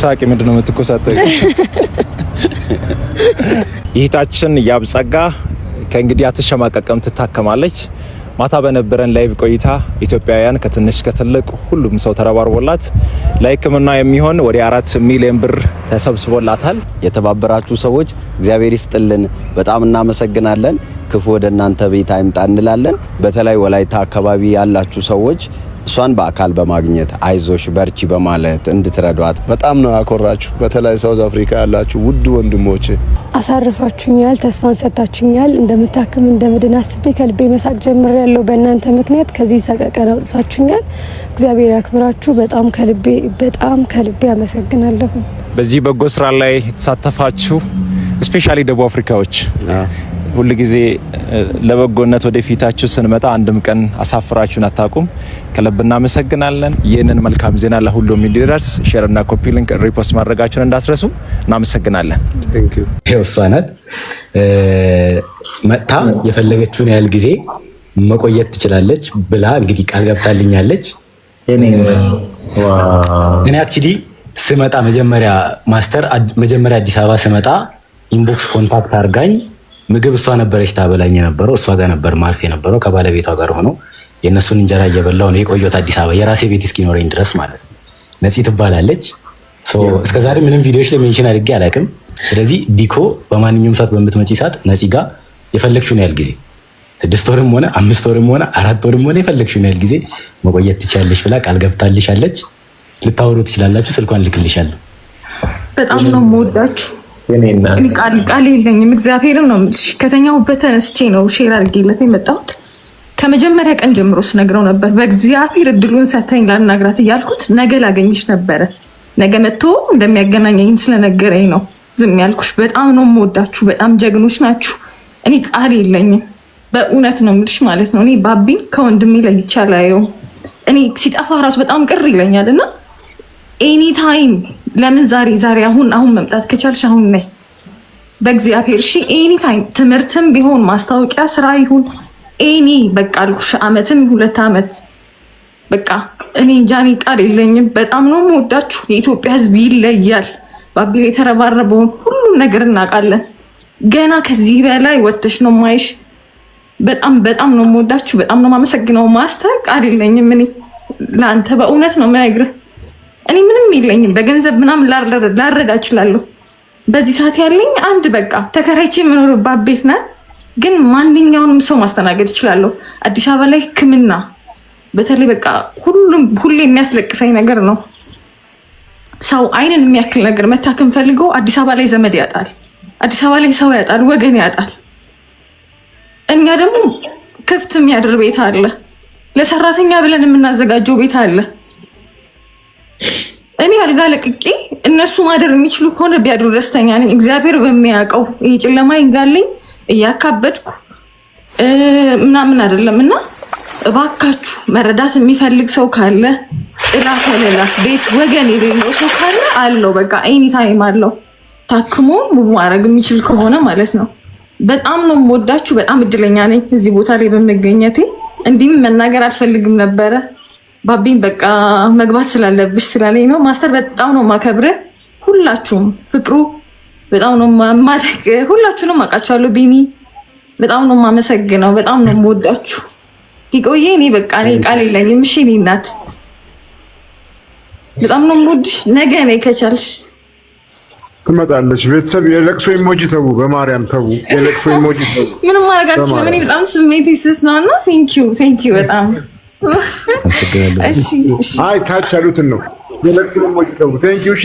ሳቂ ምንድን ነው የምትኮሳተው? ይህታችን ያብጸጋ ከእንግዲህ አትሸማቀቅም፣ ትታከማለች። ማታ በነበረን ላይቭ ቆይታ ኢትዮጵያውያን ከትንሽ ከትልቅ ሁሉም ሰው ተረባርቦላት ለሕክምና የሚሆን ወደ አራት ሚሊዮን ብር ተሰብስቦላታል። የተባበራችሁ ሰዎች እግዚአብሔር ይስጥልን፣ በጣም እናመሰግናለን። ክፉ ወደ እናንተ ቤት አይምጣ እንላለን። በተለይ ወላይታ አካባቢ ያላችሁ ሰዎች እሷን በአካል በማግኘት አይዞሽ በርቺ በማለት እንድትረዷት በጣም ነው ያኮራችሁ። በተለይ ሳውዝ አፍሪካ ያላችሁ ውድ ወንድሞች አሳርፋችሁኛል፣ ተስፋን ሰጥታችሁኛል። እንደምታክም እንደምድን አስቤ ከልቤ መሳቅ ጀምር ያለው በእናንተ ምክንያት ከዚህ ሰቀቀን አውጥታችሁኛል። እግዚአብሔር ያክብራችሁ። በጣም ከልቤ በጣም ከልቤ አመሰግናለሁ። በዚህ በጎ ስራ ላይ የተሳተፋችሁ ስፔሻሊ ደቡብ አፍሪካዎች ሁልጊዜ ለበጎነት ወደፊታችሁ ስንመጣ አንድም ቀን አሳፍራችሁን አታውቁም። ከልብ እናመሰግናለን። ይህንን መልካም ዜና ለሁሉም እንዲደርስ ሼርና ኮፒ ሊንክ፣ ሪፖስት ማድረጋችሁን እንዳስረሱ እናመሰግናለን። እሷ ናት መጥታ የፈለገችውን ያህል ጊዜ መቆየት ትችላለች ብላ እንግዲህ ቃል ገብታልኛለች። እኔ አክቹዋሊ ስመጣ መጀመሪያ ማስተር መጀመሪያ አዲስ አበባ ስመጣ ኢንቦክስ ኮንታክት አርጋኝ። ምግብ እሷ ነበረች ታበላኝ የነበረው እሷ ጋር ነበር ማርፍ የነበረው ከባለቤቷ ጋር ሆኖ የእነሱን እንጀራ እየበላው ነው የቆየሁት አዲስ አበባ የራሴ ቤት እስኪኖረኝ ድረስ ማለት ነው። ነፂ ትባላለች። እስከዛሬ ምንም ቪዲዮዎች ላይ ሜንሽን አድርጌ አላውቅም። ስለዚህ ዲኮ በማንኛውም ሰዓት በምትመጪ ሰዓት ነፂ ጋ የፈለግሽውን ያህል ጊዜ ስድስት ወርም ሆነ አምስት ወርም ሆነ አራት ወርም ሆነ የፈለግሽውን ያህል ጊዜ መቆየት ትችላለሽ ብላ ቃል ገብታልሻለች። ልታወሩ ትችላላችሁ። ስልኳን ልክልሻለሁ። በጣም ነው የምወዳችሁ። ቃል የለኝም። እግዚአብሔርም ነው የምልሽ። ከተኛሁበት ተነስቼ ነው ሼር አድርጌለት የመጣሁት። ከመጀመሪያ ቀን ጀምሮ ስነግረው ነበር። በእግዚአብሔር እድሉን ሰተኝ ላናግራት እያልኩት ነገ ላገኝሽ ነበረ። ነገ መጥቶ እንደሚያገናኘኝ ስለነገረኝ ነው ዝም ያልኩሽ። በጣም ነው የምወዳችሁ። በጣም ጀግኖች ናችሁ። እኔ ቃል የለኝም። በእውነት ነው የምልሽ ማለት ነው። እኔ ባቢን ከወንድሜ ለይቻላየው። እኔ ሲጠፋ ራሱ በጣም ቅር ይለኛል እና ኤኒ ታይም ለምን ዛሬ ዛሬ አሁን አሁን መምጣት ከቻልሽ አሁን ነይ በእግዚአብሔር እሺ። ኤኒ ታይም ትምህርትም ቢሆን ማስታወቂያ ስራ ይሁን ኤኒ በቃ አልኩሽ፣ አመትም ሁለት አመት በቃ እኔ እንጃ እኔ ቃል የለኝም። በጣም ነው የምወዳችሁ። የኢትዮጵያ ሕዝብ ይለያል። ባቢል የተረባረበውን ሁሉም ነገር እናውቃለን። ገና ከዚህ በላይ ወጥተሽ ነው ማይሽ። በጣም በጣም ነው የምወዳችሁ። በጣም ነው የማመሰግነው። ማስተር ቃል የለኝም እኔ ለአንተ በእውነት ነው የምነግርህ። እኔ ምንም የለኝም። በገንዘብ ምናምን ላረዳ እችላለሁ። በዚህ ሰዓት ያለኝ አንድ በቃ ተከራይቼ የምኖርባት ቤት ናት። ግን ማንኛውንም ሰው ማስተናገድ እችላለሁ። አዲስ አበባ ላይ ሕክምና በተለይ በቃ ሁሉም ሁሌ የሚያስለቅሰኝ ነገር ነው። ሰው አይንን የሚያክል ነገር መታከም ፈልጎ አዲስ አበባ ላይ ዘመድ ያጣል፣ አዲስ አበባ ላይ ሰው ያጣል፣ ወገን ያጣል። እኛ ደግሞ ክፍት የሚያድር ቤት አለ፣ ለሰራተኛ ብለን የምናዘጋጀው ቤት አለ። እኔ አልጋ ለቅቄ እነሱ ማደር የሚችሉ ከሆነ ቢያድሩ ደስተኛ ነኝ። እግዚአብሔር በሚያውቀው ይህ ጨለማ ይንጋልኝ እያካበድኩ ምናምን አይደለም እና እባካችሁ መረዳት የሚፈልግ ሰው ካለ ጥላ፣ ከሌላ ቤት፣ ወገን የሌለው ሰው ካለ አለው። በቃ ኤኒ ታይም አለው። ታክሞ ሙቭ ማድረግ የሚችል ከሆነ ማለት ነው። በጣም ነው የምወዳችሁ። በጣም እድለኛ ነኝ እዚህ ቦታ ላይ በመገኘቴ። እንዲህም መናገር አልፈልግም ነበረ ባቢን በቃ መግባት ስላለብሽ ስላለኝ ነው። ማስተር በጣም ነው ማከብረ ሁላችሁም ፍቅሩ በጣም ነው ማደግ ሁላችሁንም አውቃችኋለሁ። ቢኒ በጣም ነው ማመሰግነው። በጣም ነው የምወዳችሁ። ዲቆዬ እኔ በቃ እኔ ቃል የለኝም። እሺ እኔ እናት በጣም ነው የምወድሽ። ነገ እኔ ከቻልሽ ትመጣለች። ቤተሰብ የለቅሶ ኢሞጂ ተው፣ በማርያም ተው፣ የለቅሶ ኢሞጂ ተው። ምንም ማድረግ አልችልም። እኔ በጣም ስሜቴ ስስ ነው እና ቴንኪው ቴንኪው በጣም አይ ታች ያሉትን ነው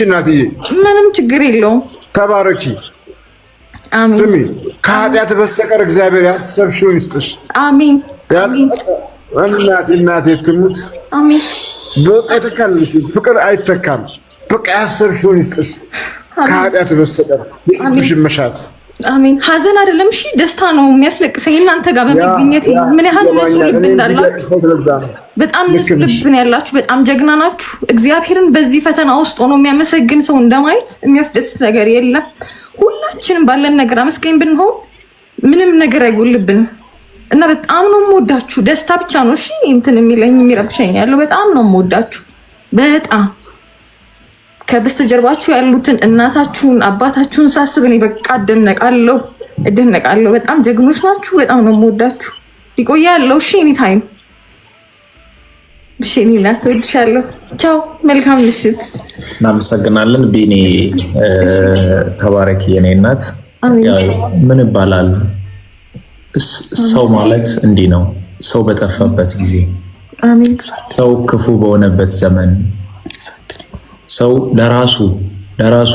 እናትዬ፣ ምንም ችግር የለውም። ተባረኪ። ስሚ፣ ከኃጢአት በስተቀር እግዚአብሔር ያሰብሽውን ይስጥሽ። አሜን። እናቴ እናቴ ትሙት። በቃ ፍቅር አይተካም። በቃ ያሰብሽውን ይስጥሽ ከኃጢአት በስተቀር የልብሽን አሜን። ሀዘን አይደለም እሺ፣ ደስታ ነው የሚያስለቅሰኝ። እናንተ ጋር በመገኘት ምን ያህል ንጹህ ልብ እንዳላችሁ በጣም ንጹህ ልብ ነው ያላችሁ። በጣም ጀግና ናችሁ። እግዚአብሔርን በዚህ ፈተና ውስጥ ሆኖ የሚያመሰግን ሰው እንደማየት የሚያስደስት ነገር የለም። ሁላችንም ባለን ነገር አመስገኝ ብንሆን ምንም ነገር አይጎልብንም እና በጣም ነው የምወዳችሁ። ደስታ ብቻ ነው እሺ እንትን የሚለኝ የሚረብሸኝ ያለው። በጣም ነው የምወዳችሁ በጣም ከበስተጀርባችሁ ያሉትን እናታችሁን አባታችሁን ሳስብ እኔ በቃ እደነቃለሁ እደነቃለሁ። በጣም ጀግኖች ናችሁ። በጣም ነው የምወዳችሁ። ይቆያለሁ። እሺ፣ ኤኒ ታይም። እሺ፣ እኔ እናት ወድሻለሁ። ቻው፣ መልካም ምሽት። እናመሰግናለን። ቢኒ ተባረኪ፣ የኔ እናት። ምን ይባላል ሰው ማለት እንዲህ ነው። ሰው በጠፋበት ጊዜ፣ ሰው ክፉ በሆነበት ዘመን ሰው ለራሱ ለራሱ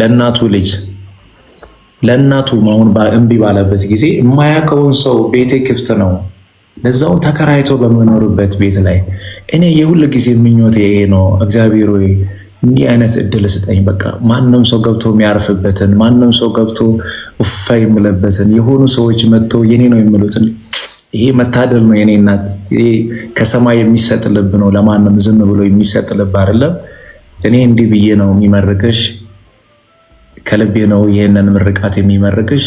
ለእናቱ ልጅ ለእናቱ መሆን እምቢ ባለበት ጊዜ የማያውቀውን ሰው ቤቴ ክፍት ነው፣ ለዛው ተከራይቶ በምኖርበት ቤት ላይ እኔ የሁል ጊዜ ምኞቴ ይሄ ነው። እግዚአብሔር ሆይ እንዲህ አይነት እድል ስጠኝ። በቃ ማንም ሰው ገብቶ የሚያርፍበትን ማንም ሰው ገብቶ እፋ የምለበትን የሆኑ ሰዎች መጥቶ የኔ ነው የሚሉትን ይሄ መታደል ነው የኔ እናት። ይሄ ከሰማይ የሚሰጥ ልብ ነው። ለማንም ዝም ብሎ የሚሰጥ ልብ አይደለም። እኔ እንዲህ ብዬ ነው የሚመርቅሽ፣ ከልቤ ነው ይህንን ምርቃት የሚመርቅሽ።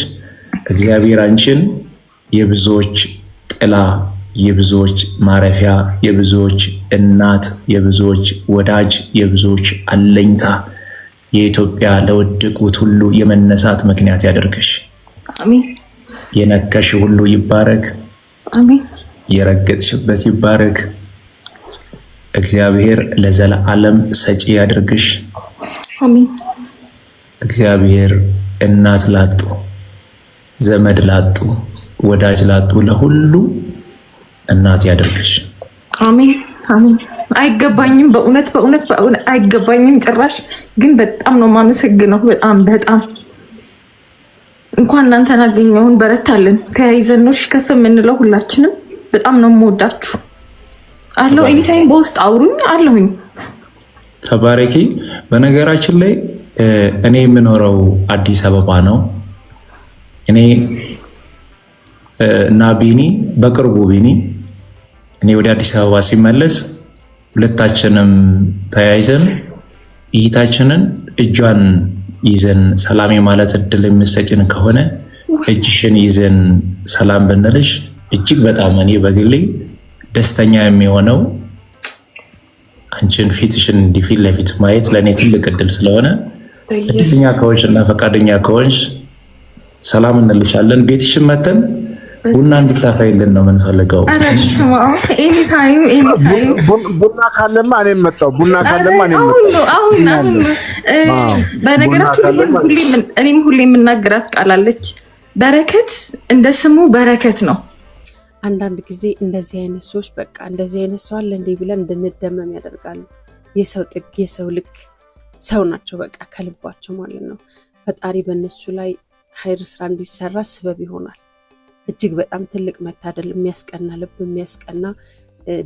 እግዚአብሔር አንቺን የብዙዎች ጥላ፣ የብዙዎች ማረፊያ፣ የብዙዎች እናት፣ የብዙዎች ወዳጅ፣ የብዙዎች አለኝታ፣ የኢትዮጵያ ለወደቁት ሁሉ የመነሳት ምክንያት ያደርገሽ። የነከሽ ሁሉ ይባረክ፣ የረገጥሽበት ይባረክ። እግዚአብሔር ለዘላለም ሰጪ ያድርግሽ። አሜን። እግዚአብሔር እናት ላጡ፣ ዘመድ ላጡ፣ ወዳጅ ላጡ ለሁሉ እናት ያድርግሽ። አሜን አሜን። አይገባኝም፣ በእውነት በእውነት አይገባኝም ጭራሽ። ግን በጣም ነው የማመሰግነው። በጣም በጣም እንኳን እናንተን አገኘሁን። በረታለን፣ ተያይዘን ነው ከፍ የምንለው። ሁላችንም በጣም ነው የምወዳችሁ። አለው ኤኒታይም በውስጥ አውሩኝ አለሁኝ። ተባረኪ። በነገራችን ላይ እኔ የምኖረው አዲስ አበባ ነው። እኔ እና ቢኒ በቅርቡ ቢኒ እኔ ወደ አዲስ አበባ ሲመለስ ሁለታችንም ተያይዘን እይታችንን እጇን ይዘን ሰላም የማለት እድል የምሰጭን ከሆነ እጅሽን ይዘን ሰላም ብንልሽ እጅግ በጣም እኔ በግሌ ደስተኛ የሚሆነው አንቺን ፊትሽን እንዲህ ፊት ለፊት ማየት ለእኔ ትልቅ እድል ስለሆነ እድለኛ ከሆንሽ እና ፈቃደኛ ከሆንሽ ሰላም እንልሻለን። ቤትሽን መተን ቡና እንድታፈይልን ነው የምንፈልገው። ቡና ካለማ እኔም መጣሁ። ቡና ካለማ እኔም መጣሁ። በነገራችሁ እኔም ሁሌ የምናገራት ቃል አለች፣ በረከት እንደ ስሙ በረከት ነው። አንዳንድ ጊዜ እንደዚህ አይነት ሰዎች በቃ እንደዚህ አይነት ሰው አለ እንዲህ ብለን እንድንደመም ያደርጋሉ። የሰው ጥግ፣ የሰው ልክ ሰው ናቸው በቃ ከልባቸው ማለት ነው። ፈጣሪ በእነሱ ላይ ሀይር ስራ እንዲሰራ ስበብ ይሆናል። እጅግ በጣም ትልቅ መታደል፣ የሚያስቀና ልብ፣ የሚያስቀና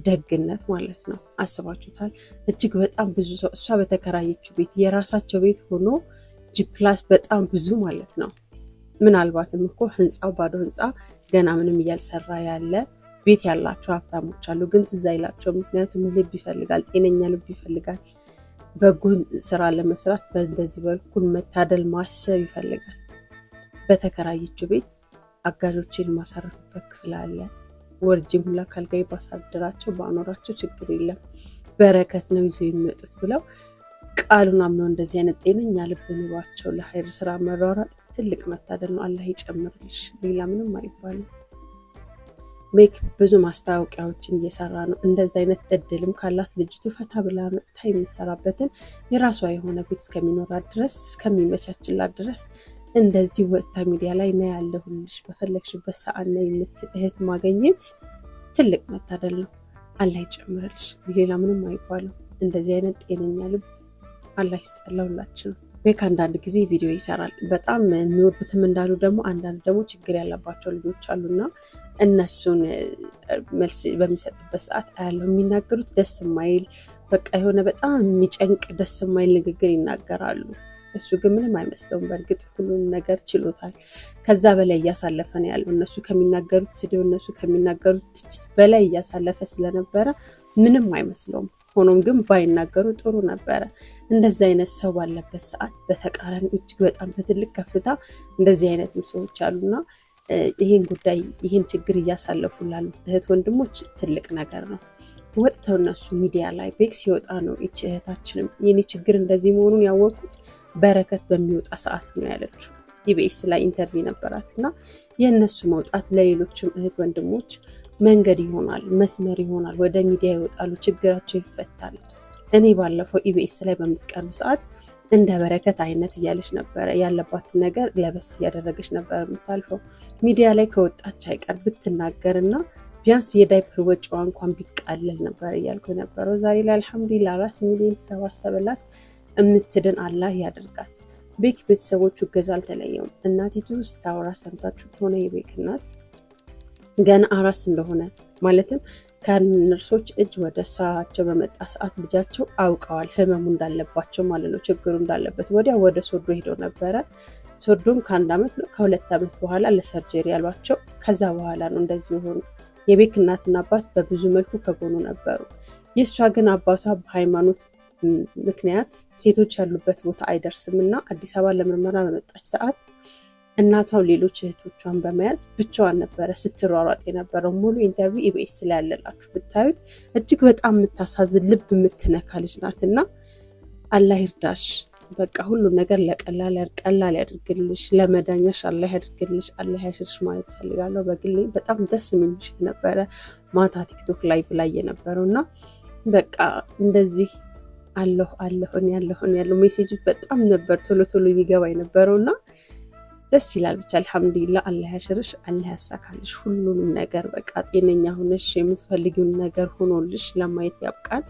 ደግነት ማለት ነው። አስባችሁታል? እጅግ በጣም ብዙ ሰው እሷ በተከራየችው ቤት የራሳቸው ቤት ሆኖ ጂፕላስ በጣም ብዙ ማለት ነው ምናልባትም እኮ ህንፃው ባዶ ህንፃ ገና ምንም እያልሰራ ያለ ቤት ያላቸው ሀብታሞች አሉ። ግን ትዝ አይላቸው። ምክንያቱም ልብ ይፈልጋል፣ ጤነኛ ልብ ይፈልጋል። በጎ ስራ ለመስራት በእንደዚህ በኩል መታደል ማሰብ ይፈልጋል። በተከራየችው ቤት አጋዦችን ማሳረፍበት ክፍል አለ። ወር ሁላ ካልጋይ ባሳደራቸው በአኖራቸው ችግር የለም በረከት ነው ይዘው የሚመጡት ብለው ቃሉን አምነው እንደዚህ አይነት ጤነኛ ልብ ኑሯቸው ለሀይር ስራ መሯሯጥ ትልቅ መታደል ነው። አላህ ይጨምርልሽ። ሌላ ምንም አይባልም። ሜክ ብዙ ማስታወቂያዎችን እየሰራ ነው። እንደዚህ አይነት እድልም ካላት ልጅቱ ፈታ ብላ መጥታ የሚሰራበትን የራሷ የሆነ ቤት እስከሚኖራት ድረስ እስከሚመቻችላት ድረስ እንደዚህ ወጥታ ሚዲያ ላይ ና ያለሁልሽ በፈለግሽበት ሰዓት ነ የምትል እህት ማገኘት ትልቅ መታደል ነው። አላህ ይጨምርልሽ። ሌላ ምንም አይባልም። እንደዚህ አይነት ጤነኛ ልብ አላህ ይስጠለውላችን። ቤክ አንዳንድ ጊዜ ቪዲዮ ይሰራል። በጣም የሚወዱትም እንዳሉ ደግሞ አንዳንድ ደግሞ ችግር ያለባቸው ልጆች አሉና እነሱን መልስ በሚሰጥበት ሰዓት ያለው የሚናገሩት ደስ የማይል በቃ የሆነ በጣም የሚጨንቅ ደስ የማይል ንግግር ይናገራሉ። እሱ ግን ምንም አይመስለውም። በእርግጥ ሁሉም ነገር ችሎታል። ከዛ በላይ እያሳለፈ ነው ያለው። እነሱ ከሚናገሩት ስድብ፣ እነሱ ከሚናገሩት ትችት በላይ እያሳለፈ ስለነበረ ምንም አይመስለውም። ሆኖም ግን ባይናገሩ ጥሩ ነበረ። እንደዚህ አይነት ሰው ባለበት ሰዓት በተቃራኒ እጅግ በጣም በትልቅ ከፍታ እንደዚህ አይነትም ሰዎች አሉና ይህን ጉዳይ ይህን ችግር እያሳለፉ ላሉት እህት ወንድሞች ትልቅ ነገር ነው። ወጥተው እነሱ ሚዲያ ላይ ቤክ ሲወጣ ነው ይች እህታችንም የኔ ችግር እንደዚህ መሆኑን ያወቁት በረከት በሚወጣ ሰዓት ነው ያለችው። ኢቢኤስ ላይ ኢንተርቪው ነበራት እና የእነሱ መውጣት ለሌሎችም እህት ወንድሞች መንገድ ይሆናል፣ መስመር ይሆናል። ወደ ሚዲያ ይወጣሉ፣ ችግራቸው ይፈታል። እኔ ባለፈው ኢቢኤስ ላይ በምትቀርብ ሰዓት እንደ በረከት አይነት እያለች ነበረ ያለባትን ነገር ለበስ እያደረገች ነበር የምታልፈው። ሚዲያ ላይ ከወጣች አይቀር ብትናገርና ቢያንስ የዳይፐር ወጪዋ እንኳን ቢቃለል ነበር እያልኩ የነበረው። ዛሬ ላይ አልሐምዱሊላ አራት ሚሊዮን ተሰባሰበላት። እምትድን አላህ ያደርጋት። ቤክ ቤተሰቦቹ እገዛ አልተለየውም። እናቲቱ ስታወራ ሰምታችሁ ከሆነ የቤክ እናት ገና አራስ እንደሆነ ማለትም ከነርሶች እጅ ወደ እሳቸው በመጣ ሰዓት ልጃቸው አውቀዋል ህመሙ እንዳለባቸው ማለት ነው፣ ችግሩ እንዳለበት። ወዲያ ወደ ሶዶ ሄደው ነበረ። ሶዶም ከአንድ ዓመት ነው ከሁለት ዓመት በኋላ ለሰርጀሪ ያሏቸው። ከዛ በኋላ ነው እንደዚህ የሆኑ። የቤክ እናትና አባት በብዙ መልኩ ከጎኑ ነበሩ። የእሷ ግን አባቷ በሃይማኖት ምክንያት ሴቶች ያሉበት ቦታ አይደርስም እና አዲስ አበባ ለምርመራ በመጣች ሰዓት እናቷን ሌሎች እህቶቿን በመያዝ ብቻዋን ነበረ ስትሯሯጥ የነበረው። ሙሉ ኢንተርቪው ኢቢኤስ ስላለላችሁ ብታዩት እጅግ በጣም የምታሳዝን ልብ የምትነካ ልጅ ናት እና አላህ ይርዳሽ። በቃ ሁሉ ነገር ለቀላል ቀላል ያድርግልሽ፣ ለመዳኛሽ አላህ ያድርግልሽ፣ አላህ ያሽርሽ ማለት ፈልጋለሁ። በግሌ በጣም ደስ የሚል ምሽት ነበረ ማታ ቲክቶክ ላይቭ ላይ የነበረው እና በቃ እንደዚህ አለሁ አለሁን ያለሁን ያለው ሜሴጅ በጣም ነበር ቶሎ ቶሎ የሚገባ የነበረው እና ደስ ይላል። ብቻ አልሐምዱሊላ አላህ ያሽርሽ፣ አላህ ያሳካልሽ ሁሉንም ነገር በቃ ጤነኛ ሆነሽ የምትፈልጊውን ነገር ሆኖልሽ ለማየት ያብቃል።